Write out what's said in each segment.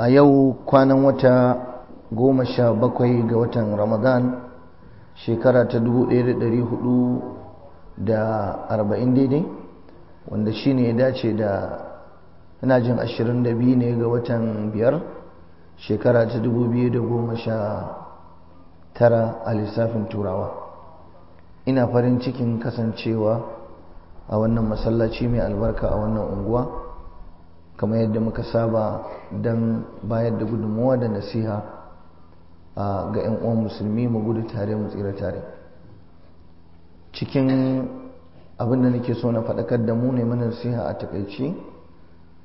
a yau kwanan wata goma sha bakwai ga watan ramadan shekara ta dubu da arba'in daidai wanda shi ne ya dace da ina jin ashirin da biyu ne ga watan biyar shekara ta dubu biyu da goma sha tara a lissafin turawa ina farin cikin kasancewa a wannan masallaci mai albarka a wannan unguwa kamar yadda muka saba don bayar da gudunmuwa da nasiha ga 'yan uwan musulmi mu gudu tare mu tsira tare cikin abinda nake so na faɗakar da mu ne mana nasiha a takaici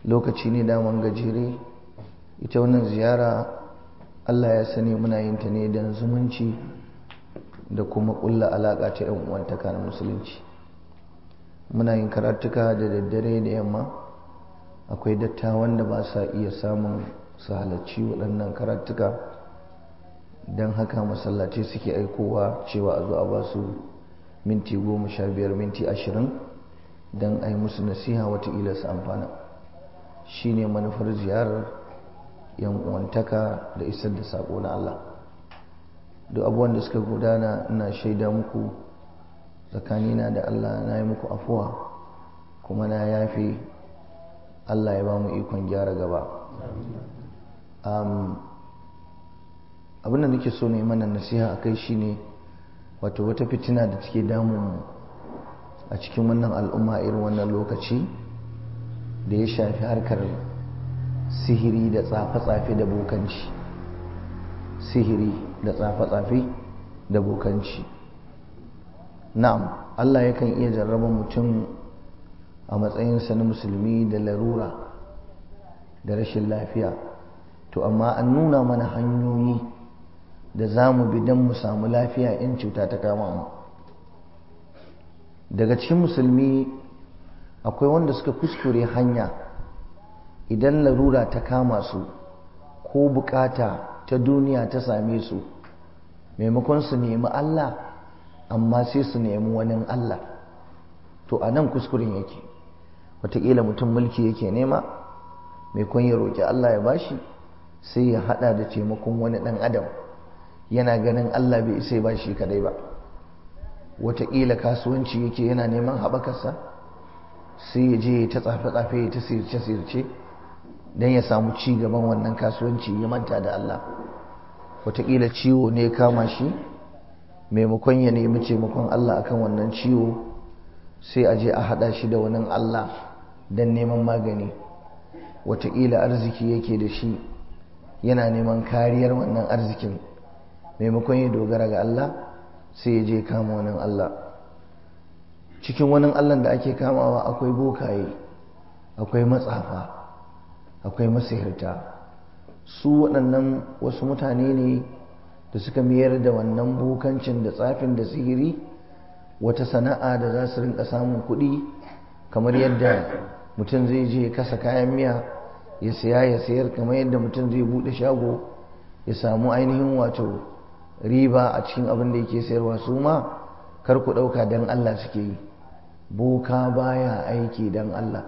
lokaci ne daman gajere ita wannan ziyara allah ya sani muna yin ta ne don zumunci da kuma ƙulla alaka ta 'yan uwantaka na musulunci muna yin karatuka da daddare da yamma akwai dattawan da ba sa iya samun su halarci waɗannan karatuka don haka masallaci suke aikowa cewa a zo a ba su minti goma sha biyar minti ashirin don a yi musu nasiha watakila su amfana shi ne manufar ziyarar 'yan yankuwantaka da isar da saƙo na Allah duk abubuwan da suka gudana ina shaida muku tsakanina da Allah na yi muku afuwa kuma na yafe Allah ya ba mu ikon gyara gaba abinda nake so neman mana nasiha a kai shine wato wata fitina da take damun a cikin wannan al'umma irin wannan lokaci da ya shafi harkar sihiri da tsafe-tsafe da bokanci sihiri da tsafe-tsafe da bokanci na'am Allah yakan iya jarraba mutum a matsayinsa na musulmi da larura da rashin lafiya to amma an nuna mana hanyoyi da za mu bi don mu samu lafiya in cuta ta kama mu daga cikin musulmi akwai wanda suka kuskure hanya idan larura ta kama su ko bukata ta duniya ta same su maimakon su nemi Allah amma sai su nemi wani Allah to a nan kuskuren yake wataƙila mutum mulki yake nema mai ya roƙi Allah ya bashi sai ya haɗa da taimakon wani ɗan adam yana ganin Allah bai isa ba shi kadai ba wataƙila kasuwanci yake yana neman haɓakarsa sai ya je ya ta tsafe-tsafe ya ta sirce-sirce don ya samu ci gaban wannan kasuwanci ya manta da Allah wataƙila ciwo ne ya kama shi maimakon ya nemi taimakon Allah akan wannan ciwo sai a je a haɗa shi da wani Allah don neman magani wataƙila arziki yake da shi yana neman kariyar wannan arzikin maimakon ya dogara ga Allah sai ya je kama wani Allah cikin wani Allah da ake kamawa akwai bokaye akwai matsafa akwai masihirta su waɗannan wasu mutane ne da suka mayar da wannan bokancin da tsafin da sihiri wata sana'a da za su rinka samun kuɗi kamar yadda mutum zai je kasa kayan miya ya siya ya sayar kamar yadda mutum zai buɗe shago ya samu ainihin wato riba a cikin abin da yake sayarwa su ma kar ku ɗauka don Allah suke yi boka baya aiki don Allah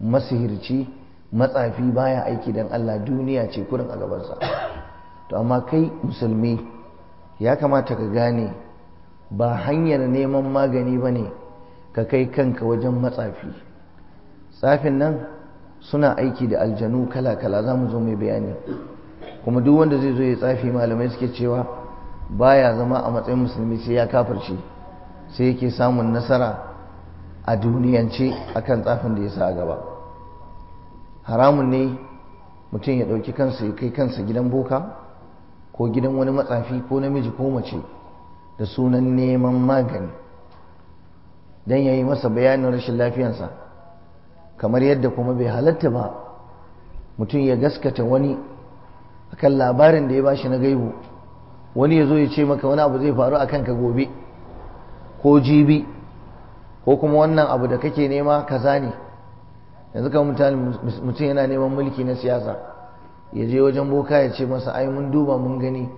masihirci matsafi baya aiki don Allah duniya ce kurin a gabansa to amma kai musulmi ya kamata ka gane ba hanyar neman magani ba ne ka kai kanka wajen matsafi tsafin nan suna aiki da aljanu kala-kala za mu zo mai bayani kuma duk wanda zai zo ya tsafi malamai suke cewa baya zama a matsayin musulmi sai ya kafarci sai yake samun nasara a duniyance akan tsafin da ya sa gaba haramun ne mutum ya ɗauki kansa ya kai kansa gidan boka ko gidan wani matsafi ko namiji ko mace da sunan neman magani don ya yi masa bayanin rashin lafiyansa kamar yadda kuma bai halatta ba mutum ya gaskata wani akan labarin da ya ba shi na gaibu wani ya zo ya ce maka wani abu zai faru a kanka gobe ko jibi ko kuma wannan abu da kake nema kaza ne yanzu kan mutum yana neman mulki na siyasa ya je wajen boka ya ce masa ai mun duba mun gani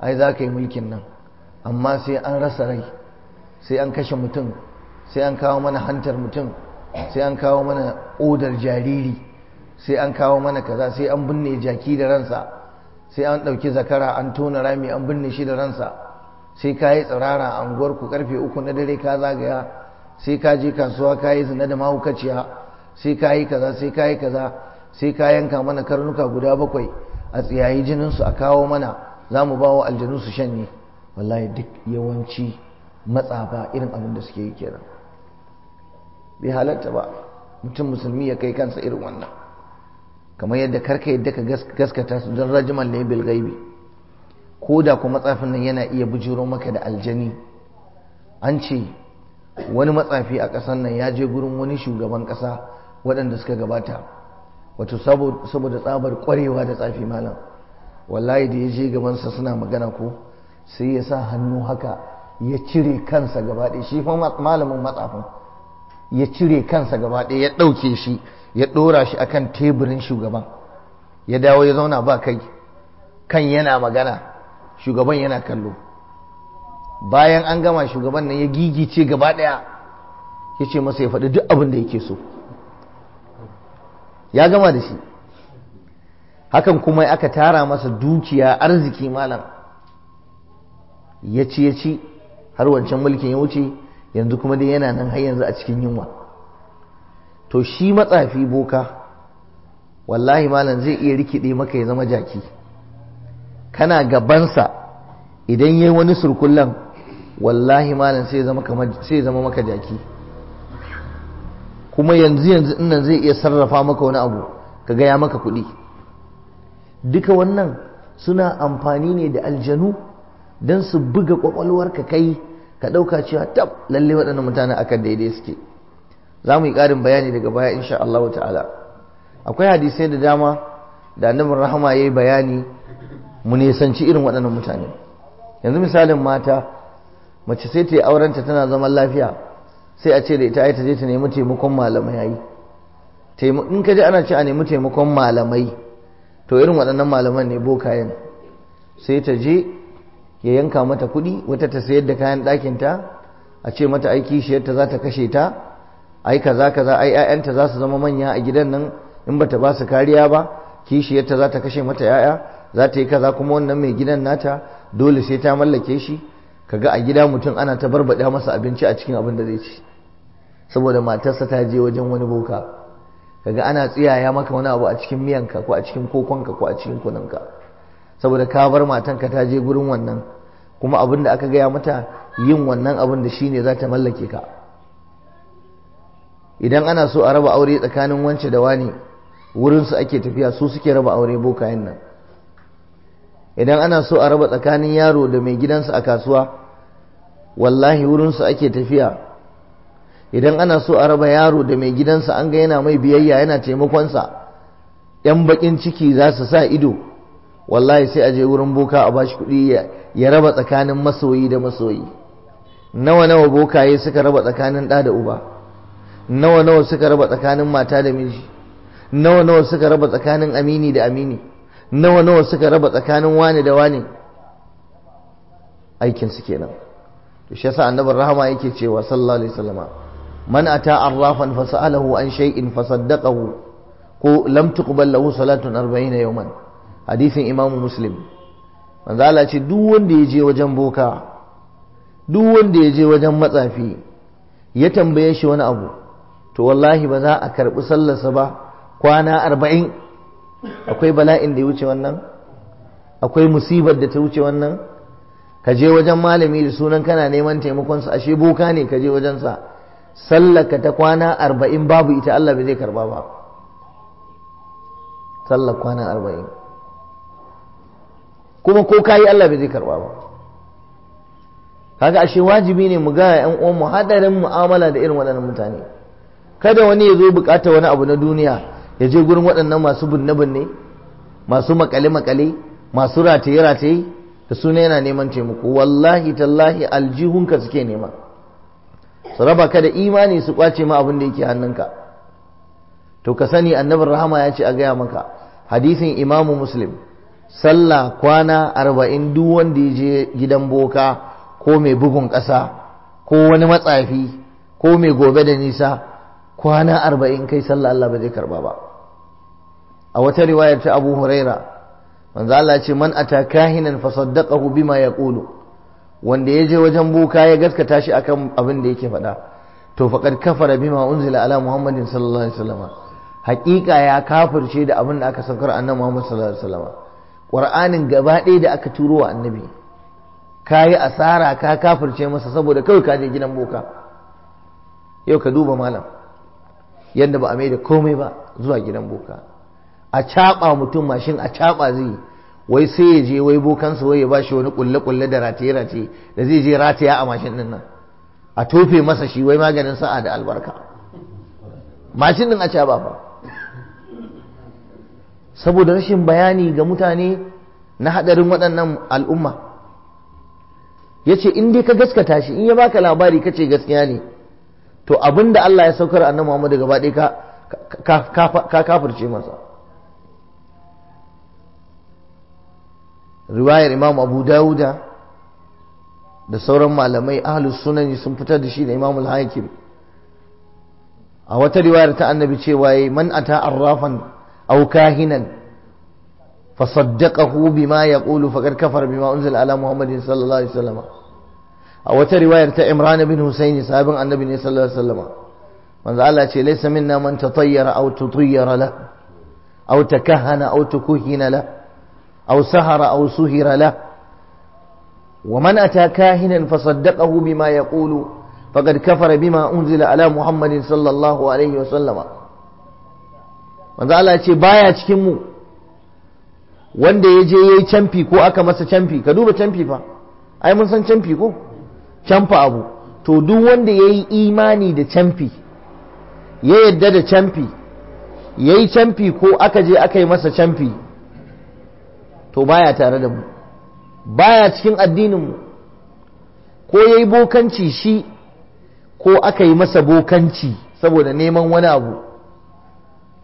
ai za ka yi mulkin nan amma sai an rasa rai sai an kashe mutum sai an kawo mana hantar mutum sai an kawo mana odar jariri sai an kawo mana kaza sai an binne jaki da ransa sai an ɗauki zakara an tona rami an binne shi da ransa sai ka yi tsirara a unguwarku karfe uku na dare ka zagaya sai ka je kasuwa ka yi zina da mahaukaciya sai ka yi kaza sai ka yi kaza sai ka yanka mana karnuka guda bakwai a tsiyayi jininsu a kawo mana za mu ba wa aljanu su shanye wallahi duk yawanci matsafa irin abin da suke yi kenan bai halatta ba mutum musulmi ya kai kansa irin wannan kamar yadda karka yadda ka gaskata su don rajiman ne bil gaibi ko da kuma matsafin nan yana iya bujiro maka da aljani an ce wani matsafi a ƙasar nan ya je gurin wani shugaban ƙasa waɗanda suka gabata wato saboda tsabar ƙwarewa da tsafi malam wallahi da ya je gabansa suna magana ko sai ya sa hannu haka ya cire kansa gabaɗe shi fa malamin matsafin ya cire kansa gabaɗe ya ɗauke shi ya ɗora shi akan teburin shugaban ya dawo ya zauna ba kai kan yana magana shugaban yana kallo bayan an gama shugaban nan ya gigice gaba ɗaya ya ce masa ya faɗi duk abin da yake so ya gama da shi hakan kuma aka tara masa dukiya arziki malam ya ci ya ci har wancan mulkin ya wuce yanzu kuma dai yana nan har yanzu a cikin yunwa to shi matsafi boka wallahi malam zai iya rikide maka ya zama jaki kana gabansa idan yayi wani surkullan wallahi malam sai zama kamar sai zama maka jaki kuma yanzu yanzu nan zai iya sarrafa maka wani abu ka gaya maka kuɗi duka wannan suna amfani ne da aljanu don su buga ka kai ka ɗauka cewa tab lalle waɗannan mutane akan daidai suke za mu yi ƙarin bayani daga baya insha Allah ta'ala akwai hadisai da dama da annabin rahama ya yi bayani mu nisanci irin waɗannan mutane yanzu misalin mata mace sai ta yi aurenta tana zaman lafiya sai a ce da ita ai ta je ta nemi taimakon malamai yayi in ka je ana ce a nemi taimakon malamai to irin waɗannan malaman ne bokayen sai ta je ya yanka mata kuɗi wata ta sayar da kayan ɗakinta a ce mata ai kishiyarta za ta kashe ta ai kaza kaza ai ƴaƴanta za su zama manya a gidan nan in bata ba su kariya ba kishiyarta za ta kashe mata 'ya'ya, za ta yi kaza kuma wannan mai gidan nata dole sai ta mallake shi kaga a gida mutum ana ta barbaɗa masa abinci a cikin abin da zai ci saboda matarsa ta je wajen wani boka kaga ana tsiyaya maka wani abu a cikin miyanka ko a cikin kokonka ko a cikin kunanka saboda ka bar matanka ta je gurin wannan kuma abin da aka gaya mata yin wannan abin da shine za ta mallake ka idan ana so a raba aure tsakanin wance da wani wurinsu ake tafiya su suke raba aure bokayen nan idan ana so a raba tsakanin yaro da mai gidansa a kasuwa wallahi wurinsu ake tafiya idan ana so a raba yaro da mai gidansa an ga yana mai biyayya yana taimakonsa 'yan bakin ciki za su sa ido wallahi sai a je wurin boka a bashi kuɗi ya raba tsakanin masoyi da masoyi nawa nawa bokaye suka raba tsakanin ɗa da uba nawa nawa suka raba tsakanin mata da miji nawa nawa suka raba tsakanin amini da amini nawa nawa suka raba tsakanin wani da wani aikin su kenan to shi yasa annabin rahama yake cewa sallallahu alaihi wasallama man ata arrafan fasalahu an shay'in fasaddaqahu ko lam tuqbal lahu salatun 40 yawman hadisin imamu muslim manzala ce duk wanda ya je wajen boka duk wanda ya je wajen matsafi ya tambaye shi wani abu to wallahi ba za a karɓi sallarsa ba kwana arba'in akwai bala'in da ya wuce wannan akwai musibar da ta wuce wannan ka je wajen malami da sunan kana neman taimakonsa ashe boka ne ka je wajensa sallaka ta kwana arba'in babu ita Allah ba zai karba ba sallar kwana arba'in kuma ko kayi Allah bai zai karba ba kaga ashe wajibi ne mu ga yan uwan mu hadarin mu'amala da irin waɗannan mutane kada wani ya zo bukata wani abu na duniya ya je gurin waɗannan masu binne-binne masu makale-makale masu rataye-rataye da suna yana neman taimako wallahi tallahi aljihunka suke nema su raba ka da imani su kwace ma abin da yake hannunka to ka sani annabin rahama ya ce a gaya maka hadisin imamu muslim sallah kwana arba'in duk wanda ya je gidan boka ko mai bugun ƙasa ko wani matsafi ko mai gobe da nisa kwana arba'in kai sallah Allah ba zai karba ba a wata riwayar ta abu huraira manzo Allah ce man ata kahinan fa saddaqahu bima yaqulu wanda ya je wajen boka ya gaskata shi akan abin da yake faɗa to faqad kafara bima unzila ala muhammadin sallallahu alaihi wasallam haƙiƙa ya kafirce da abin da aka saukar annabi muhammad sallallahu alaihi wasallam ƙur'anin gaba ɗaya da aka turo wa annabi ka yi asara ka kafirce masa saboda kawai ka je gidan boka yau ka duba malam yadda ba a mai da komai ba zuwa gidan boka a caɓa mutum mashin a caɓa zai wai sai ya je wai bokansa wai ya bashi wani kulle-kulle da rataye-rataye da zai je rataya a mashin ɗin nan a tofe masa shi wai maganin sa'a da albarka mashin ɗin a caɓa ba saboda rashin bayani ga mutane na hadarin waɗannan al'umma ya ce in dai ka gaskata shi in ya baka labari ka ce gaskiya ne to abin da Allah ya saukar a nan Muhammad gaba ɗaya ka kafirce masa riwayar imam abu dawuda da sauran malamai ahalus sunan sun fitar da shi da imam al-hakim a wata riwayar ta annabi cewa man ata arrafan أو كاهنا فصدقه بما يقول فقد كفر بما أنزل على محمد صلى الله عليه وسلم a wata riwayar ta Imrana bin husaini sahabin annabi ne sallallahu alaihi wasallam manzo Allah ce laysa minna man tatayyara aw tutayyara la aw takahana aw tukuhina la aw sahara aw suhira wa man ata kahinan fa saddaqahu bima yaqulu faqad kafara bima unzila ala muhammadin sallallahu alaihi wasallam Wanzu Allah ce baya cikin mu wanda ya je yayi camfi ko aka masa camfi ka duba camfi fa ai mun san camfi ko camfa abu to duk wanda yayi imani da camfi ya yadda da camfi yayi camfi ko aka je aka yi masa camfi to baya tare da mu baya cikin addinin mu ko yayi bokanci shi ko aka yi masa bokanci saboda neman wani abu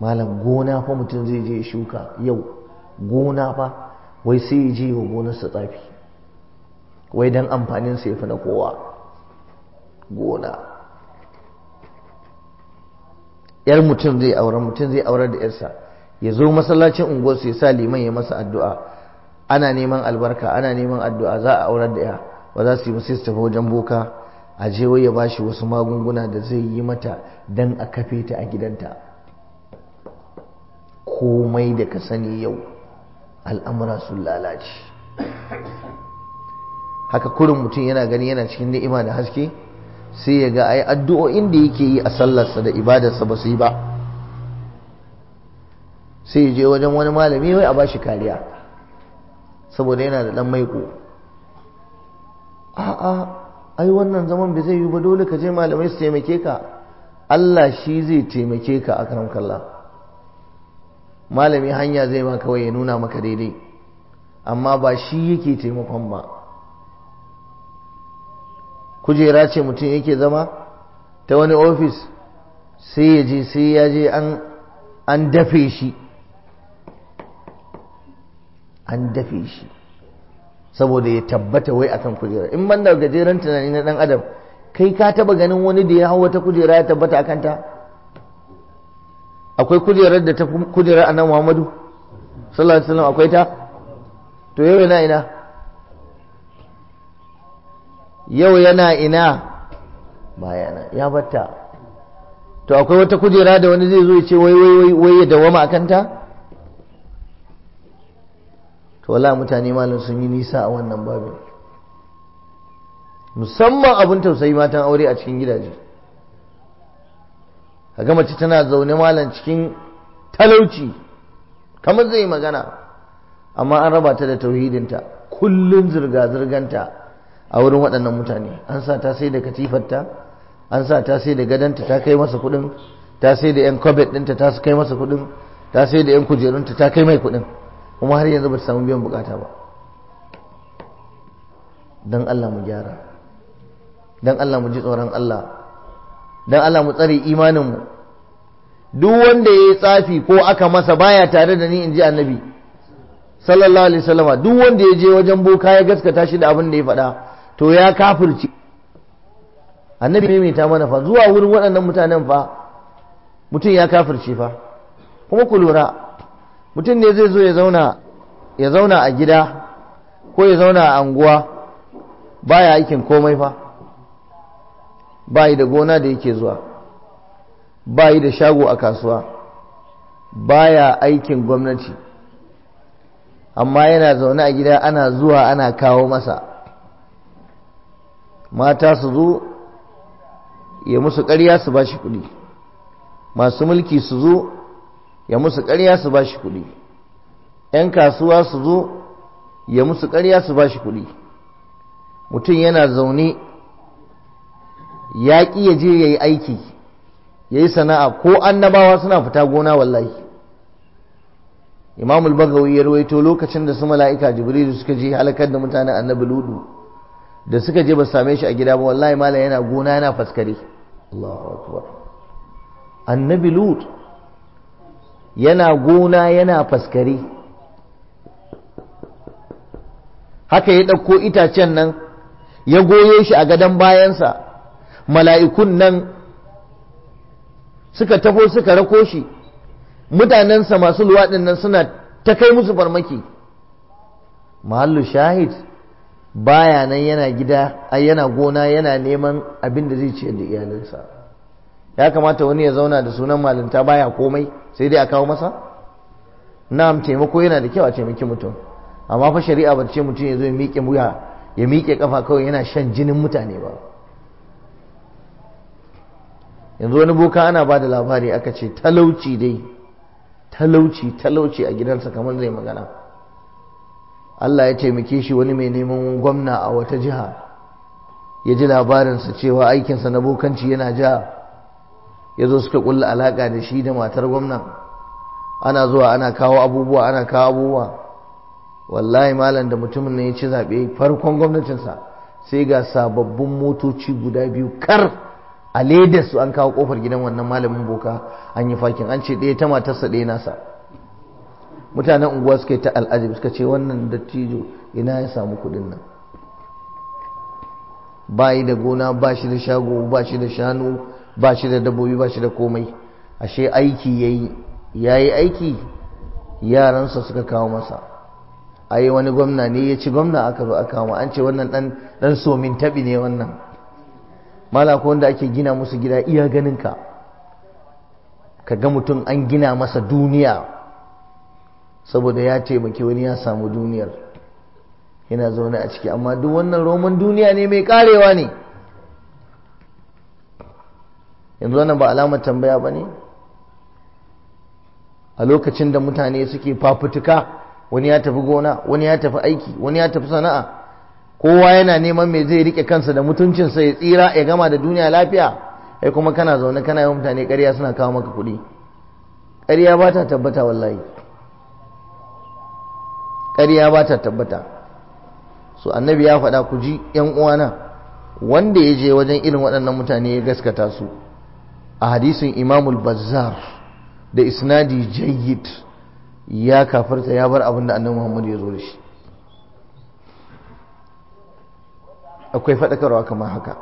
malam gona fa mutum zai je shuka yau gona fa wai sai ya je wa gonarsa tsafi wai don amfanin sa fi na kowa gona yar mutum zai aure mutum zai aure da yarsa ya zo masallacin su ya sa liman ya masa addu'a ana neman albarka ana neman addu'a za a aurar da ya ba za su yi musu su tafi wajen boka a je wai ya bashi wasu magunguna da zai yi mata don a kafe ta a gidanta komai da ka sani yau al'amura sun lalace haka kurin mutum yana gani yana cikin ni'ima da haske sai ya ga ai addu'o'in da yake yi a sallarsa da ibadarsa ba su yi ba sai ya je wajen wani malami wai a bashi kariya saboda yana da dan maiko a'a ai wannan zaman bai zai yi ba dole ka je malamai su taimake ka Allah shi zai taimake ka a karam kalla. malami hanya zai ma kawai ya nuna maka daidai amma ba shi yake taimakon ba kujera ce mutum yake zama ta wani ofis sai ya je sai ya je an dafe shi an dafe shi saboda ya tabbata wai akan kujera in ban gajeren tunani na dan adam kai ka taba ganin wani da ya hau wata kujera ya tabbata akan ta akwai kujerar da ta kujerar nan Muhammadu sallallahu alaihi wasallam akwai ta to yau yana ina yau yana ina bayana ya batta to akwai wata kujera da wani zai zo ya ce wai wai wai ya dawama akan ta to wala mutane malam sun yi nisa a wannan babin musamman abin tausayi matan aure a cikin gidaje kaga mace tana zaune malam cikin talauci kamar zai magana amma an raba ta da tauhidinta kullun zirga-zirganta a wurin waɗannan mutane an sa ta sai da katifarta an sa ta sai da gadanta ta kai masa kuɗin ta sai da 'yan kobet ɗinta ta kai masa kuɗin ta sai da 'yan kujerunta ta kai mai kuɗin kuma har yanzu ba ta samu biyan bukata ba don Allah mu gyara don Allah mu ji tsoron Allah don Allah mu tsare imaninmu duk wanda ya yi tsafi ko aka masa baya tare da ni in ji annabi sallallahu alaihi wasallama duk wanda ya je wajen boka ya gaskata shi da abin da ya faɗa to ya kafirci annabi maimaita mana fa zuwa wurin waɗannan mutanen fa mutum ya kafirci fa kuma ku lura mutum ne zai zo ya zauna ya zauna a gida ko ya zauna a anguwa baya aikin komai fa bayi da gona da yake zuwa bayi da shago a kasuwa baya aikin gwamnati amma yana zaune a gida ana zuwa ana kawo masa mata su zo ya musu ƙarya su ba shi kuɗi masu mulki su zo ya musu ƙarya su ba shi kuɗi 'yan kasuwa su zo ya musu ƙarya su ba shi kuɗi mutum yana zaune ya ƙi ya je ya yi aiki ya yi sana'a ko annabawa suna fita gona wallahi imam al-bagawi ya rawaito lokacin da su mala'ika jibrilu suka je halakar da mutanen annabi ludu da suka je ba same shi a gida ba wallahi mala yana gona yana faskare Allahu akbar annabi lud yana gona yana faskare haka ya ɗauko itacen nan ya goye shi a gadon bayansa mala'ikun nan suka taho suka rako shi mutanensa masu luwaɗin nan suna ta kai musu farmaki mahallu shahid baya nan yana gida ai yana gona yana neman abin da zai ciyar da iyalinsa ya kamata wani ya zauna da sunan malinta baya komai sai dai a kawo masa na'am taimako yana da kyau a taimaki mutum amma fa shari'a ba ce mutum ya zo ya miƙe wuya ya miƙe kafa kawai yana shan jinin mutane ba yanzu wani boka ana ba da labari aka ce talauci dai talauci talauci a gidansa kamar zai magana Allah ya taimake shi wani mai neman gwamna a wata jiha ya ji labarinsa cewa aikinsa na bokanci yana ja ya zo suka kulla alaka da shi da matar gwamna. ana zuwa ana kawo abubuwa ana kawo abubuwa wallahi malam da mutumin na ya ci zaɓe farkon gwamnatinsa sai ga sababbin motoci guda biyu kar a ledar su an kawo kofar gidan wannan malamin boka an yi fakin an ce ɗaya ta matarsa ɗaya nasa mutanen unguwa suka yi ta al'ajabi suka ce wannan dattijo ina ya samu kuɗin nan ba yi da gona ba shi da shago ba shi da shanu ba shi da dabbobi ba shi da komai ashe aiki ya yi ya yi aiki yaransa suka kawo masa a yi wani gwamna ne ya ci gwamna aka zo aka kawo an ce wannan ɗan somin taɓi ne wannan mala ko wanda ake gina musu gida iya ganin ka ka ga mutum an gina masa duniya saboda ya taimaki wani ya samu duniyar yana zaune a ciki amma duk wannan roman duniya ne mai karewa ne yanzu wannan ba alamar tambaya ba ne a lokacin da mutane suke fafutuka wani ya tafi gona wani ya tafi aiki wani ya tafi sana'a kowa yana neman me zai rike kansa da mutuncinsa ya tsira ya gama da duniya lafiya ai kuma kana zaune kana yi mutane ƙarya suna kawo maka kuɗi ƙarya ba ta tabbata wallahi ƙarya ba ta tabbata so annabi ya faɗa ku ji 'yan uwana wanda ya je wajen irin waɗannan mutane ya gaskata su a hadisin imamul bazzar da isnadi jayyid ya kafarta ya bar abin da annabi muhammad ya zo da shi akwai faɗakarwa kamar haka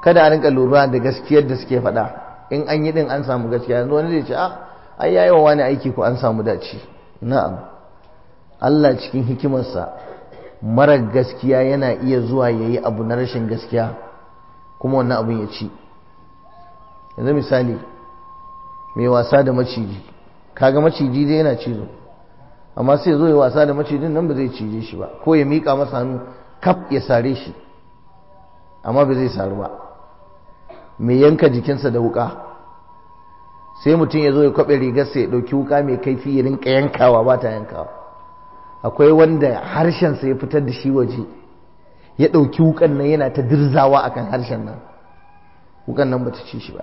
kada a rinka lura da gaskiyar da suke faɗa in an yi din an samu gaskiya yanzu wani zai ce a ah, ai yayi wa wani aiki ko an samu dace na'am Allah cikin hikimarsa mara gaskiya yana iya zuwa yayi abu na rashin gaskiya kuma wannan abun ya ci yanzu misali mai wasa da maciji kaga maciji dai yana cizo amma sai zo ya wasa da macijin nan ba zai cije shi ba ko ya mika masa hannu kaf ya sare shi amma ba zai saru ba mai yanka jikinsa da wuka sai mutum ya zo ya kwaɓe rigarsa ya ɗauki wuka mai kaifi ya rinka yankawa ba ta yankawa akwai wanda harshensa ya fitar da shi waje ya ɗauki wukan nan yana ta dirzawa akan harshen nan wukan nan ba ta ci shi ba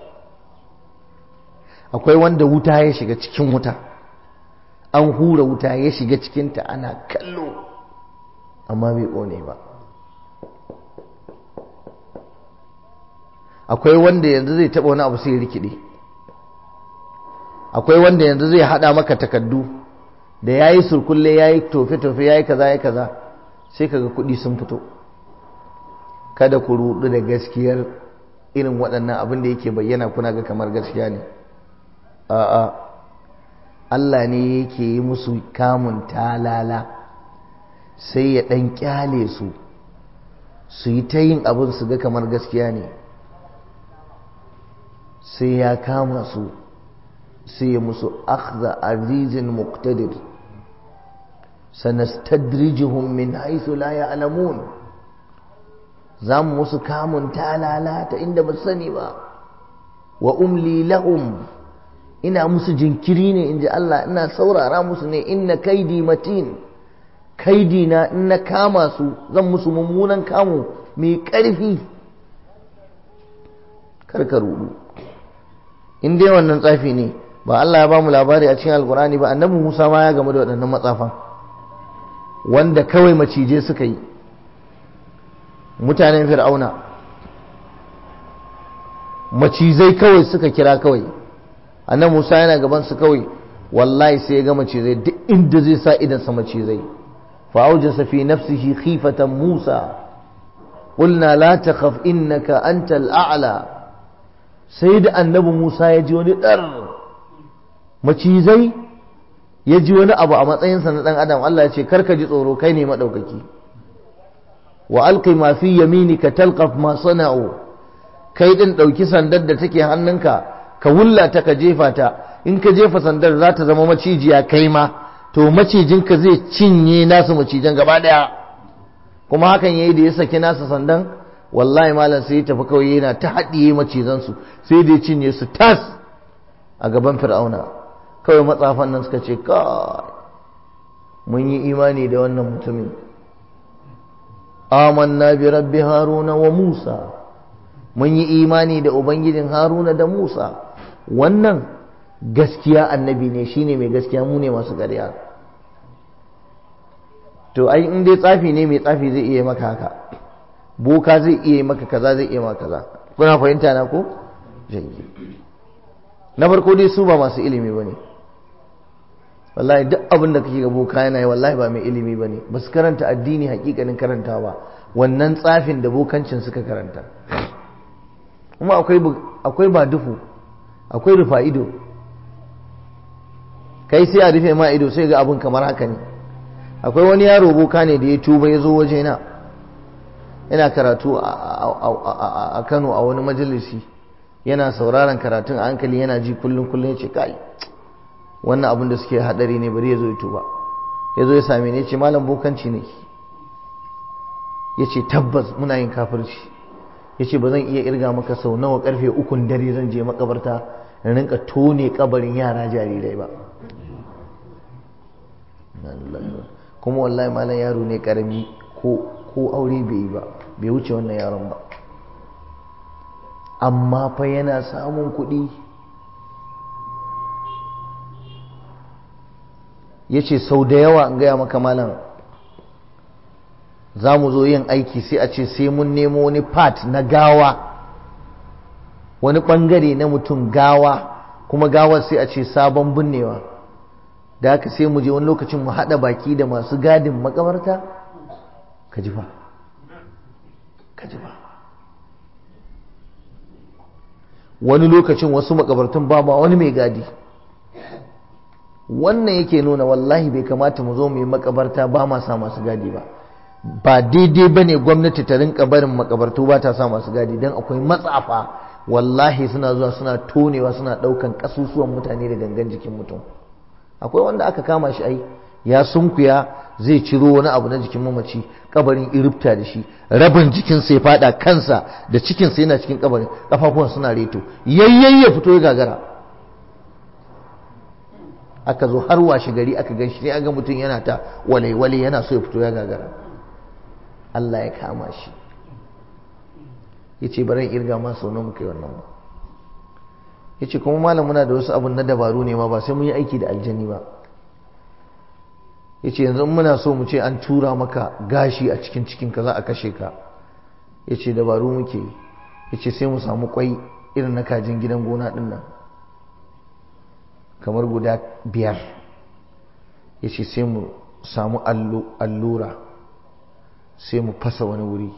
akwai wanda wuta ya shiga cikin wuta an hura wuta ya shiga cikinta ana kallo amma bai ƙone ba akwai wanda yanzu zai taɓa wani abu sai rikide akwai wanda yanzu zai haɗa maka takaddu da ya yi surkulle ya yi tofe-tofe ya yi kaza ya kaza sai kaga kuɗi sun fito kada ku rudu da gaskiyar irin waɗannan abin da yake bayyana kuna ga kamar gaskiya ne a'a Allah ne yake yi musu kamun talala sai ya ɗan ƙyale su su yi ta yin abin su ga kamar gaskiya ne sai ya kama su sai ya musu akhza azizin muqtadir sanastadrijuhum min haythu la ya'lamun za mu musu kamun talala ta inda ba sani ba wa umli lahum ina musu jinkiri ne in ji Allah ina saurara musu ne inna kaidi matin kaidi na in na kama su zan musu mummunan kamu mai ƙarfi karkaru in dai wannan tsafi ne ba Allah ya ba mu labari a cikin alkurani ba annabi Musa ma ya gamu da waɗannan matsafa wanda kawai macije suka yi mutanen fir'auna macizai kawai suka kira kawai annabi Musa yana gaban su kawai wallahi sai ya gama macizai, duk inda zai sa idan sama cizai fa aujasa fi nafsihi khifatan Musa qulna la takhaf innaka antal a'la sai da annabi Musa ya ji wani dar macizai ya ji wani abu a matsayinsa na dan adam Allah ya ce karka ji tsoro kai ne madaukaki wa alqi ma fi yaminika talqaf ma sana'u kai din dauki sandar da take hannunka ka ta ka jefa ta in ka jefa sandar za ta zama macijiya kai ma to macijinka zai cinye nasu macijan gaba daya kuma hakan yayi da ya saki nasa sandan wallahi malam sai ya tafi kawai yana ta haɗiye macizan su sai da ya cinye su tas a gaban fir'auna kawai matsafan nan suka ce ka mun yi imani da wannan mutumin amanna bi rabbi haruna wa musa mun yi imani da ubangijin haruna da musa wannan gaskiya annabi ne shine mai gaskiya mu ne masu ƙarya to ai in dai tsafi ne mai tsafi zai iya maka haka boka zai iya maka kaza zai iya maka kaza kuna fahimta na ko jayyi na farko dai su ba masu ilimi bane wallahi duk abin da kake ga boka yana yi wallahi ba mai ilimi bane ba su karanta addini hakikanin karanta ba wannan tsafin da bokancin suka karanta kuma akwai ba duhu akwai rufa ido kai sai a rufe ma ido sai ga abin kamar haka ne akwai wani yaro boka ne da ya tuba ya zo waje na yana karatu a kano a wani majalisi yana sauraron karatun a hankali yana ji kullum kullum ya ce kai wannan abin da suke hadari ne bari ya zo ya tuba ya zo ya same ne ce malam bokanci ne ya ce tabbas muna yin kafirci ya ce ba zan iya irga maka sau nawa karfe ukun dare zan je makabarta in rinka tone kabarin yara jarirai ba kuma wallahi malam yaro ne karami ko aure bai yi ba bai wuce wannan yaron ba amma fa yana samun kuɗi ya ce sau da yawa in gaya maka malam za mu zo yin aiki sai a ce sai mun nemo wani part na gawa wani ɓangare na mutum gawa kuma gawa sai a ce sabon binnewa da haka sai mu je wani lokacin mu haɗa baki da masu gadin makabarta ka ji ba ka ji ba wani lokacin wasu makabartun ba ba wani mai gadi wannan yake nuna wallahi bai kamata mu zo mu yi makabarta ba ma sa masu gadi ba ba daidai ba ne gwamnati ta rinka barin makabartu ba ta sa masu gadi don akwai matsafa wallahi suna zuwa suna tonewa suna ɗaukan ƙasusuwan mutane da gangan jikin mutum akwai wanda aka kama shi ai ya sunkuya zai ciro wani abu na jikin mamaci kabarin irifta da shi rabin jikin sai fada kansa da cikin sai yana cikin kabarin kafafuwan suna reto yayyayi ya fito ya gagara aka zo har washe gari aka gan shi ne an ga mutum yana ta walewale wale yana so ya fito ya gagara Allah ya kama shi ya ce in irga ma sau na muka wannan ba ya ce kuma malam muna da wasu abun na dabaru ne ma ba sai mun yi aiki da aljani ba ya ce yanzu muna so mu ce an tura maka gashi a cikin cikin ka za a kashe ka ya ce dabaru muke ya ce sai mu samu kwai irin na kajin gidan gona din nan kamar guda biyar ya sai mu samu allura sai mu fasa wani wuri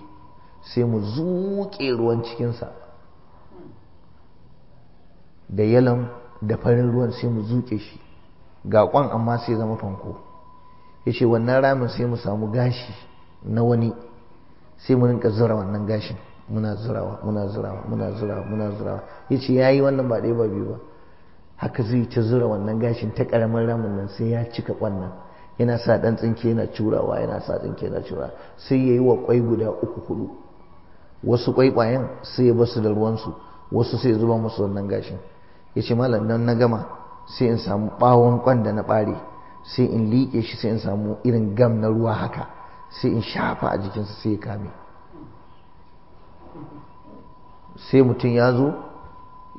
sai mu zuƙe ruwan cikinsa da yalan da farin ruwan sai mu zuƙe shi ga kwan amma sai zama fanko ya ce wannan ramin sai mu samu gashi na wani sai mu rinka zura wannan gashin muna zurawa muna zurawa muna zurawa muna zurawa ya ce ya yi wannan ba ɗaya ba biyu ba haka zai ta zura wannan gashin ta ƙaramin ramin nan sai ya cika ƙwannan yana sa ɗan tsinke yana curawa yana sa tsinke yana curawa sai ya yi wa ƙwai guda uku huɗu. wasu kwaikwayen sai ya basu da ruwansu wasu sai zuba musu wannan gashin ya ce malam nan na gama sai in samu ɓawon kwan da na ɓare sai in liƙe shi sai in samu irin gam na ruwa haka sai in shafa a jikinsa sai ya kame sai mutum ya zo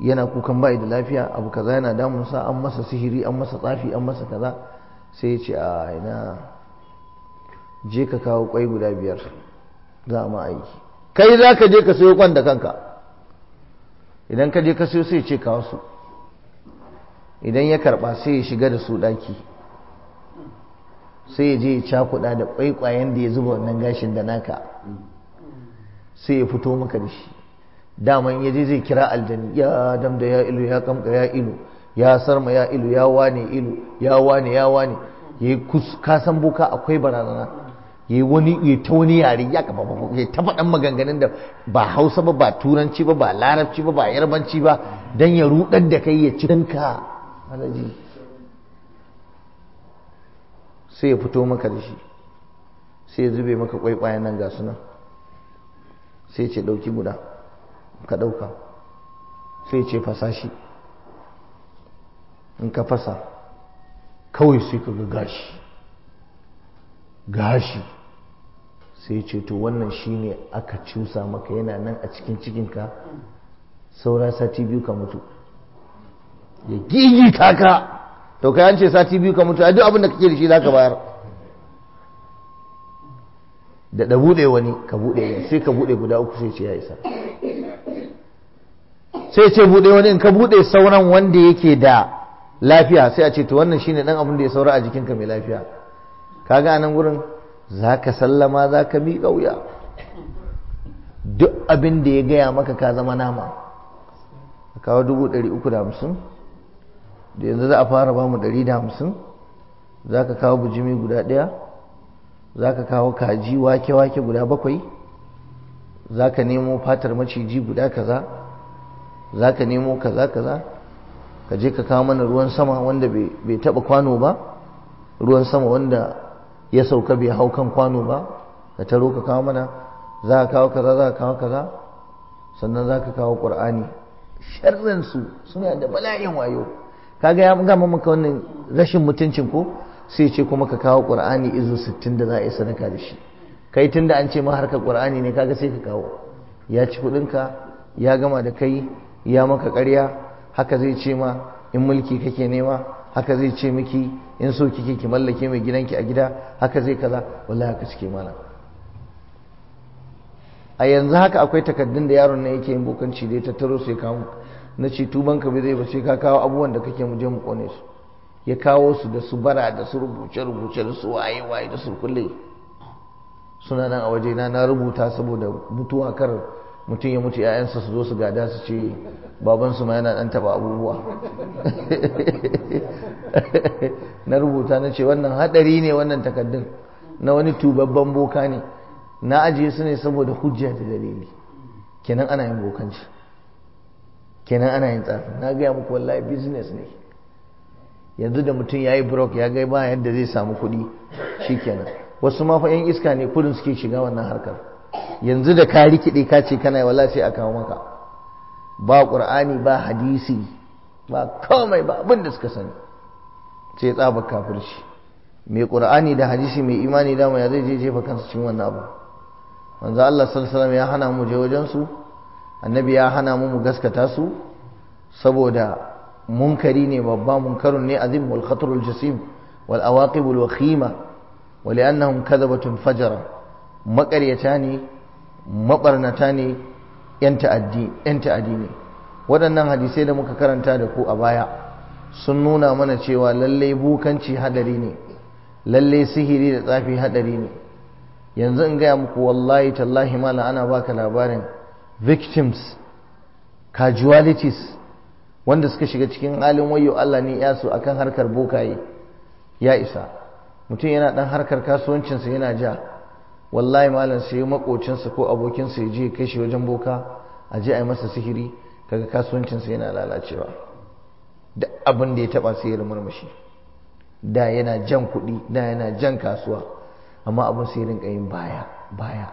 yana kukan bai da lafiya abu kaza yana damunsa an masa sihiri an masa tsafi an masa kaza sai ya ce a ina je ka kawo kwai guda biyar za a ma aiki kai za ka je ka sayo kwan da kanka idan ka je ka sayo sai ce kawo su idan ya karba sai ya shiga da su ɗaki sai ya je ya cakuɗa da ƙwaiƙwayen da ya zuba wannan gashin da naka sai ya fito maka da shi daman ya je zai kira aljani ya da ya ilu ya kamka ya ilu ya sarma ya ilu ya wane ilu ya wane ya wane ya yi kasan boka akwai barazana ya wani ya ta wani yare ya ka ya ta faɗan maganganun da ba hausa ba ba turanci ba ba larabci ba ba yarbanci ba don ya rudar da kai ya ci danka alaji sai ya fito maka da shi sai ya zube maka kwaikwayen nan ga suna sai ce ɗauki guda ka ɗauka sai ce fasa shi in ka fasa kawai sai ka ga gashi gashi sai ce to wannan shine aka cusa maka yana nan a cikin cikinka saura sati biyu ka mutu ya gigi kaka to kai an ce sati biyu ka mutu a duk abin da kake da shi zaka bayar da da bude wani ka bude sai ka bude guda uku sai ce ya isa sai ce bude wani in ka bude sauran wanda yake da lafiya sai a ce to wannan shine dan abin da ya saura a jikinka mai lafiya kaga anan gurin za ka sallama za ka miƙa wuya duk abin da ya gaya maka ka zama nama a kawo 350 da yanzu za a fara ba mu 150 za ka kawo bujimi guda ɗaya za ka kawo kaji wake-wake guda bakwai za ka nemo fatar maciji guda kaza za ka nemo kaza-kaza ka je ka kawo mana ruwan sama wanda bai taba kwano ba ruwan sama wanda ya sauka bai hau kan kwano ba ka taro ka kawo mana za ka kawo kaza za ka kawo kaza sannan za ka kawo ƙur'ani su suna da bala'in wayo kaga ya gama maka wannan rashin mutuncin ko sai ce kuma ka kawo ƙur'ani izu sittin da za a yi sadaka da shi kai tun da an ce ma harkar ƙur'ani ne kaga sai ka kawo ya ci kuɗinka ya gama da kai ya maka ƙarya haka zai ce ma in mulki kake nema haka zai ce miki in so kike ki mallake mai gidanki a gida haka zai kaza wallahi haka cike mana a yanzu haka akwai takaddun da yaron nan yake yin bokanci da ya tattaro sai kawo na ce tuban ka bai zai ba sai ka kawo abubuwan da kake mu je mu kone su ya kawo su da su bara da su rubuce rubuce da su waye waye da su kulle suna nan a waje na na rubuta saboda mutuwa kar mutum ya mutu ‘ya'yansa su zo su gada su ce babansu ma yana ɗan taba abubuwa na rubuta na ce wannan haɗari ne wannan takaddun na wani tubabban boka ne na ajiye su ne saboda hujja da dalili kenan ana yin bokanci kenan ana yin tsafi na gaya muku wallahi business ne yanzu da mutum ya yi brok ya gai ba yadda zai samu kuɗi shi kenan wasu mafa 'yan iska ne kudin suke shiga wannan harkar yanzu da ka rikide ka ce kana wala sai a kawo maka ba ƙur'ani ba hadisi ba komai ba abin da suka sani sai tsaba kafirci mai ƙur'ani da hadisi mai imani dama ya zai je jefa kansa cikin wannan abu manzo Allah sallallahu ya hana mu je wajen su annabi ya hana mu mu gaskata su saboda munkari ne babba munkarun ne azim khatrul jasim wal awaqibul al wakhima ولأنهم كذبة فجرا maƙaryata ne maɓarnata ne 'yan ta'addi ne waɗannan hadisai da muka karanta da ku a baya sun nuna mana cewa lallai bukanci hadari ne lallai sihiri da tsafi hadari ne yanzu in gaya muku wallahi tallahi mala ana baka labarin victims casualties wanda suka shiga cikin halin wayo Allah ne ya su akan harkar bokaye ya isa mutum yana dan harkar kasuwancinsa yana ja wallahi malam sai makocinsa ko abokinsa ya je kai shi wajen boka a je a yi masa sihiri kaga kasuwancinsa yana lalacewa da abin da ya taba sai ya murmushi da yana jan kuɗi da yana jan kasuwa amma abin sai rinka yin baya baya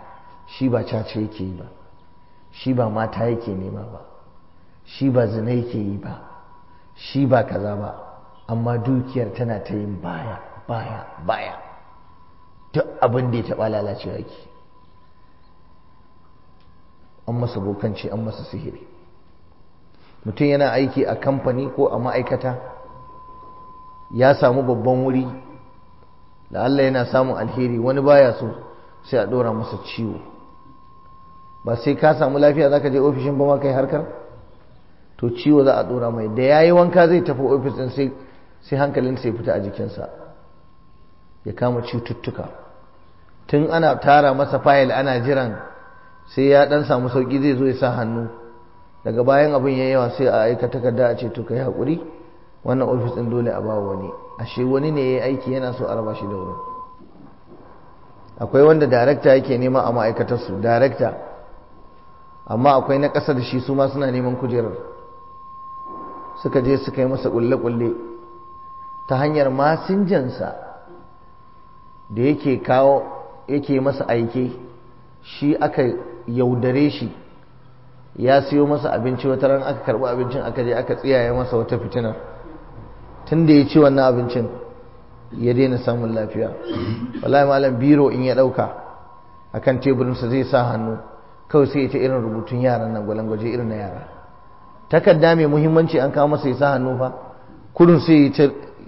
shi ba caca yake yi ba shi ba mata yake nema ba shi ba zina yake yi ba shi ba kaza ba amma dukiyar tana ta yin baya baya baya duk abin da ya taɓa lalace aiki, an masa bokanci an masa sihiri mutum yana aiki a kamfani ko a ma'aikata ya samu babban wuri da Allah yana samun alheri wani baya so sai a ɗora masa ciwo ba sai ka samu lafiya za ka je ofishin ba ma kai harkar to ciwo za a ɗora mai da ya yi wanka zai tafi ofis ɗin sai hankalin sai fita a jikinsa ya kama cututtuka tun ana tara masa fayil ana jiran sai ya dan samu sauki zai zo ya sa hannu daga bayan abin ya yawa sai a aika takarda a ce to kai hakuri wannan ofis ɗin dole a bawa wani ashe wani ne yayi aiki yana so a raba shi da wani. akwai wanda darakta yake nema a ma'aikatar su darakta amma akwai na ƙasa da shi su ma suna neman kujerar suka je suka yi masa ƙulle-ƙulle ta hanyar masinjansa da yake kawo yake masa aiki shi aka yaudare shi ya siyo masa abinci wata ran aka karbi abincin aka je aka tsiyaye masa wata fitina tun da ya ci wannan abincin ya daina samun lafiya wallahi malam biro in ya dauka akan teburinsa zai sa hannu kawai sai ya ta irin rubutun yaran nan gwalangwaje irin na yara takarda mai muhimmanci an kawo masa ya sa hannu fa kurun sai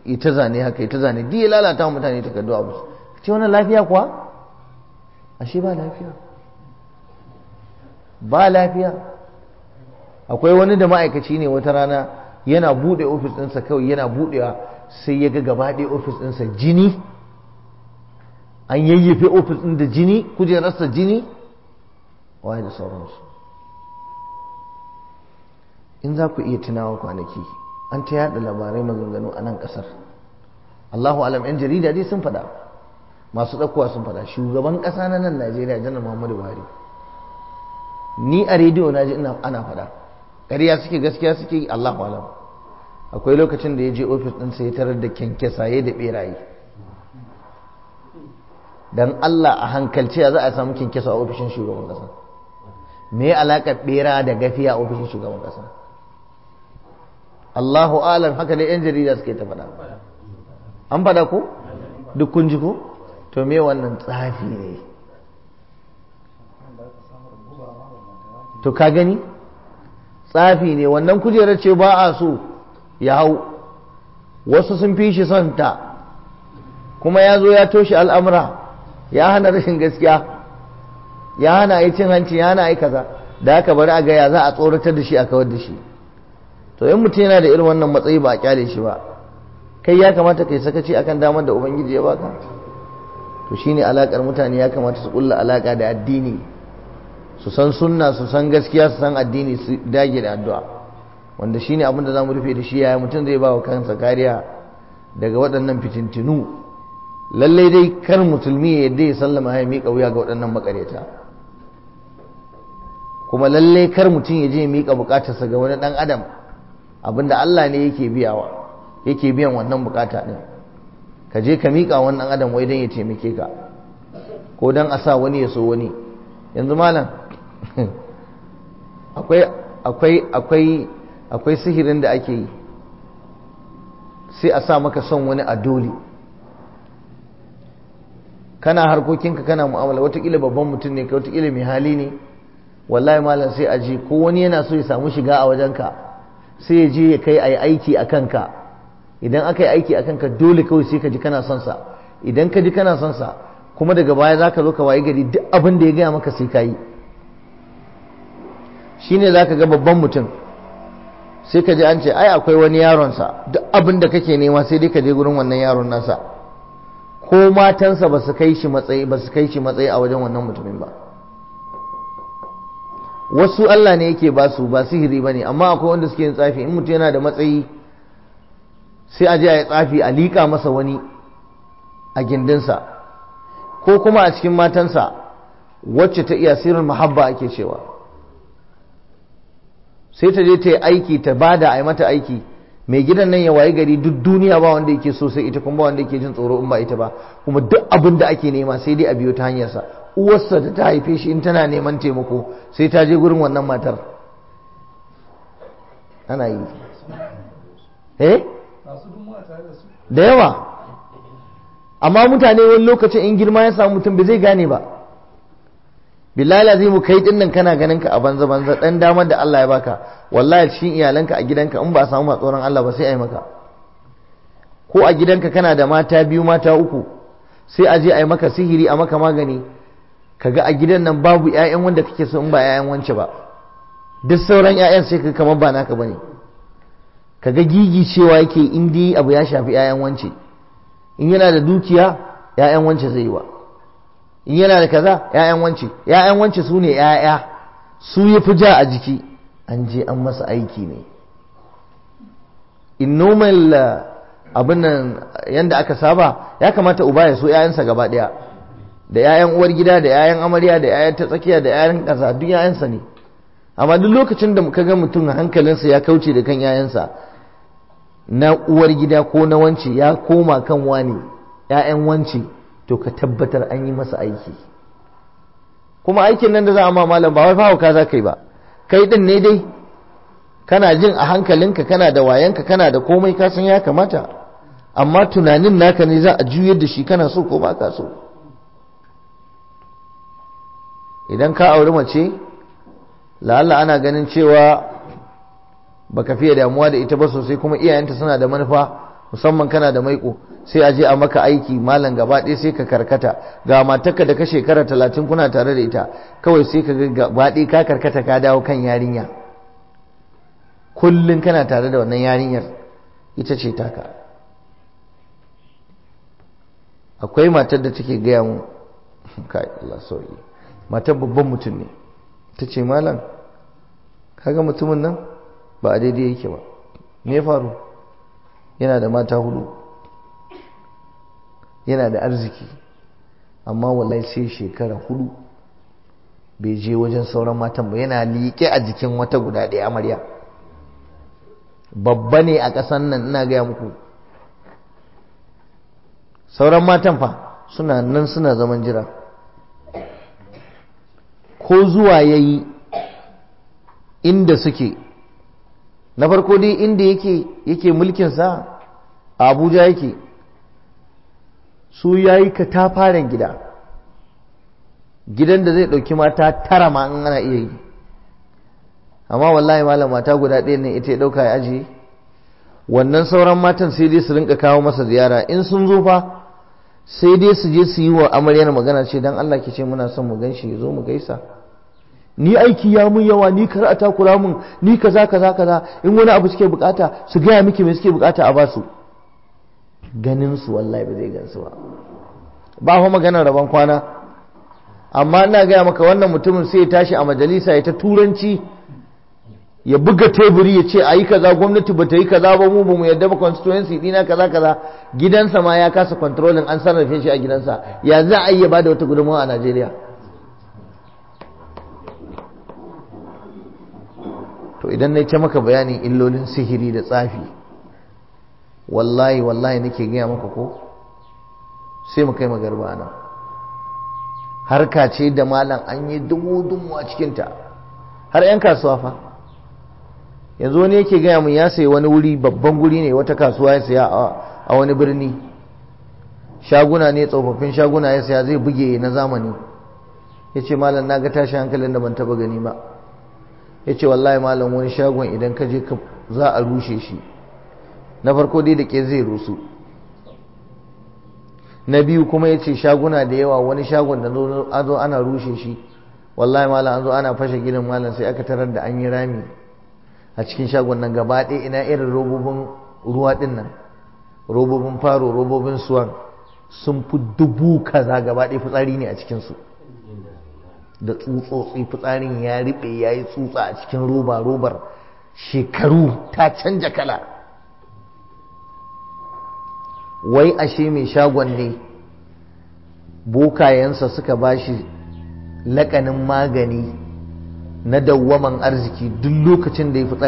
ya ta zane haka ya ta zane duk ya lalata mutane takardu a abu ce wannan lafiya kuwa ashe ba lafiya ba lafiya akwai wani da ma'aikaci ne wata rana yana buɗe ofis ɗinsa kawai yana buɗewa sai ya ga gaba ɗaya ofis ɗinsa jini an yayyafe ofis ɗin da jini kujerarsa jini waye da sauransu in za ku iya tunawa kwanaki an ta yada labarai maganganu a nan ƙasar allahu alam 'yan jarida dai sun faɗa masu ɗaukowa sun faɗa shugaban ƙasa na nan najeriya janar muhammadu buhari ni a rediyo na ji ana faɗa ƙarya suke gaskiya suke allahu alam akwai lokacin da ya je ofis ɗin sai tarar da kyankyasaye da ɓeraye don allah a hankalce za a samu kyankyasa a ofishin shugaban ƙasa me alaƙar ɓera da gafiya a ofishin shugaban ƙasa allahu alam haka ne yan jarida suke ta faɗa an faɗa ko duk kun ji ko to me wannan tsafi ne to ka gani tsafi ne wannan kujerar ce ba a so ya hau wasu sun fi shi son ta kuma ya zo ya toshe al'amura ya hana rashin gaskiya ya hana a cin hanci ya hana a kaza da aka bari a gaya za a tsoratar da shi a kawar da shi to yin mutum yana da irin wannan matsayi ba a kyale shi ba kai ya kamata kai sakaci akan damar da ubangiji ya baka to shine alakar mutane ya kamata su kulla alaka da addini su san sunna su san gaskiya su san addini su dage da addu'a wanda shine abin da zamu rufe da shi yi mutum zai ba kansa kariya daga waɗannan fitintinu lallai dai kar musulmi ya yadda ya sallama ya miƙa wuya ga waɗannan makareta kuma lallai kar mutum ya je ya miƙa buƙatarsa ga wani ɗan adam abinda Allah ne yake biyawa biyan wannan bukata ɗin ka je ka miƙa wannan adam wai don ya taimake ka ko don a sa wani ya so wani yanzu malam akwai sihirin da ake yi sai a sa maka son wani a dole kana harkokinka kana mu'amala watakila babban mutum ne ka watakila mai hali ne wallahi malam sai a ji ko wani yana so ya samu shiga a wajenka sai ya je ya kai a yi aiki a kanka idan aka yi aiki a kanka, dole kawai sai ka ji kana son sa idan ka ji kana son sa kuma daga baya za ka zo ka wayi gari duk abin da ya gaya maka sai ka yi shi ne za ka ga babban mutum sai ka ji an ce ai akwai wani yaronsa duk abin da kake nema sai dai ka je gurin wannan yaron nasa ko matansa ba su kai shi matsayi ba su kai shi matsayi a wajen wannan mutumin ba wasu Allah ne yake ba su ba sihiri ba ne amma akwai wanda suke yin tsafi in mutum yana da matsayi sai a je a yi tsafi a liƙa masa wani a gindinsa ko kuma a cikin matansa wacce ta iya sirrin mahabba ake cewa sai ta je ta yi aiki ta bada a yi mata aiki mai gidan nan ya wayi gari duk duniya ba wanda yake so sai ita kuma ba wanda yake jin tsoro in ba ita ba kuma duk abin da ake nema sai dai a biyo ta hanyarsa uwarsa da ta haife shi in tana neman taimako sai ta je gurin wannan matar ana yi eh da yawa amma mutane wani lokacin in girma ya samu mutum ba zai gane ba bilala zai mu kai dinnan kana ganin ka a banza banza dan damar da Allah ya baka wallahi cikin iyalanka a gidanka in ba a samu matsoron Allah ba sai a yi maka ko a gidanka kana da mata biyu mata uku sai a je a yi maka sihiri a maka magani kaga a gidan nan babu 'ya'yan wanda kake so in ba 'ya'yan wance ba duk sauran 'ya'yan sai ka kamar ba naka bane kaga gigi cewa yake in dai abu ya shafi 'ya'yan wance in yana da dukiya 'ya'yan wance zai yi wa in yana da kaza 'ya'yan wance 'ya'yan wance su ne 'ya'ya su ya fi ja a jiki an je an masa aiki ne in normal eh, abin nan yadda aka saba ya kamata uba ya so 'ya'yansa gaba ɗaya da 'ya'yan uwar gida da 'ya'yan amarya da 'ya'yan ta tsakiya da 'ya'yan ƙasa duk 'ya'yansa ne amma duk lokacin da ka ga mutum hankalinsa ya kauce da kan 'ya'yansa na uwar gida ko na wance ya koma kan wani ‘ya'yan wance to ka tabbatar an yi masa aiki kuma aikin nan da za a ma malam ba wai fa hauka za ka yi ba kai din ne dai kana jin a hankalinka kana da wayanka kana da komai ka san ya kamata amma tunanin naka ne za a juyar da shi kana so ko ba ka so idan ka auri mace la'alla ana ganin cewa baka fiye damuwa da ita ba sosai kuma iyayenta suna da manufa musamman kana da maiƙo sai a je a maka aiki malam gaba ɗaya sai ka karkata ga matarka da ka shekara talatin kuna tare da ita kawai sai ka gaba ɗaya ka karkata ka dawo kan yarinya kullum kana tare da wannan yarinyar ita ce taka akwai matar da take gaya mu kai Allah matar babban mutum ne ta ce malam kaga mutumin nan ba a daidai yake ba me faru yana da mata hudu yana da arziki amma wallahi sai shekara hudu bai je wajen sauran matan ba yana liƙe a jikin wata guda ɗaya amarya babba ne a ƙasan nan ina gaya muku sauran matan fa suna nan suna zaman jira ko zuwa ya yi inda suke na farko dai inda yake yake mulkinsa a abuja yake su ya yi katafaren gida gidan da zai ɗauki mata tara ma an ana iya yi amma wallahi malam mata guda ɗaya ne ita ya ɗauka ya ajiye wannan sauran matan sai dai su rinka kawo masa ziyara in sun zo fa sai dai su je su yi wa amaryar magana ce don allah ke ce muna son mu gan shi zo mu gaisa ni aiki ya mun yawa ni kar a takura mun ni kaza kaza kaza in wani abu suke bukata su gaya miki me suke bukata a basu ganin su wallahi ba zai gansu ba ba fa magana rabon kwana amma ina gaya maka wannan mutumin sai ya tashi a majalisa ya ta turanci ya buga teburi ya ce a yi kaza gwamnati ba ta yi kaza ba mu ba mu yadda ba constituency dina kaza kaza gidansa ma ya kasa controlling an sarrafe shi a gidansa ya za a iya ba da wata gudunmawa a Najeriya to idan na ce maka bayanin illolin sihiri da tsafi wallahi wallahi nake gaya maka ko sai mu kai magarba nan harka ce da malam an yi dumu-dumu a cikinta har 'yan kasuwa fa yanzu wani yake gaya mun ya sayi wani wuri babban guri ne wata kasuwa ya saya a wani birni shaguna ne tsofaffin shaguna ya saya zai buge na zamani ya ce malam na ga tashin hankalin da ban taba gani ba ya ce wallahi malam wani shagon idan ka je za a rushe shi na farko dai da ke zai rusu na biyu kuma ya ce shaguna da yawa wani shagon da an zo ana rushe shi wallahi malam an zo ana fashe ginin malam sai aka tarar da an yi rami a cikin shagon nan gaba ɗaya ina irin robobin ruwa ɗin nan robobin faro robobin suwan sun fi dubu kaza gaba ɗaya fitsari ne a cikinsu da tsutsotsi fitsarin ya riɓe ya yi tsutsa a cikin roba robar shekaru ta canja kala wai ashe mai shagon ne bokayensa suka ba shi laƙanin magani na dawwaman arziki duk lokacin da ya fitsari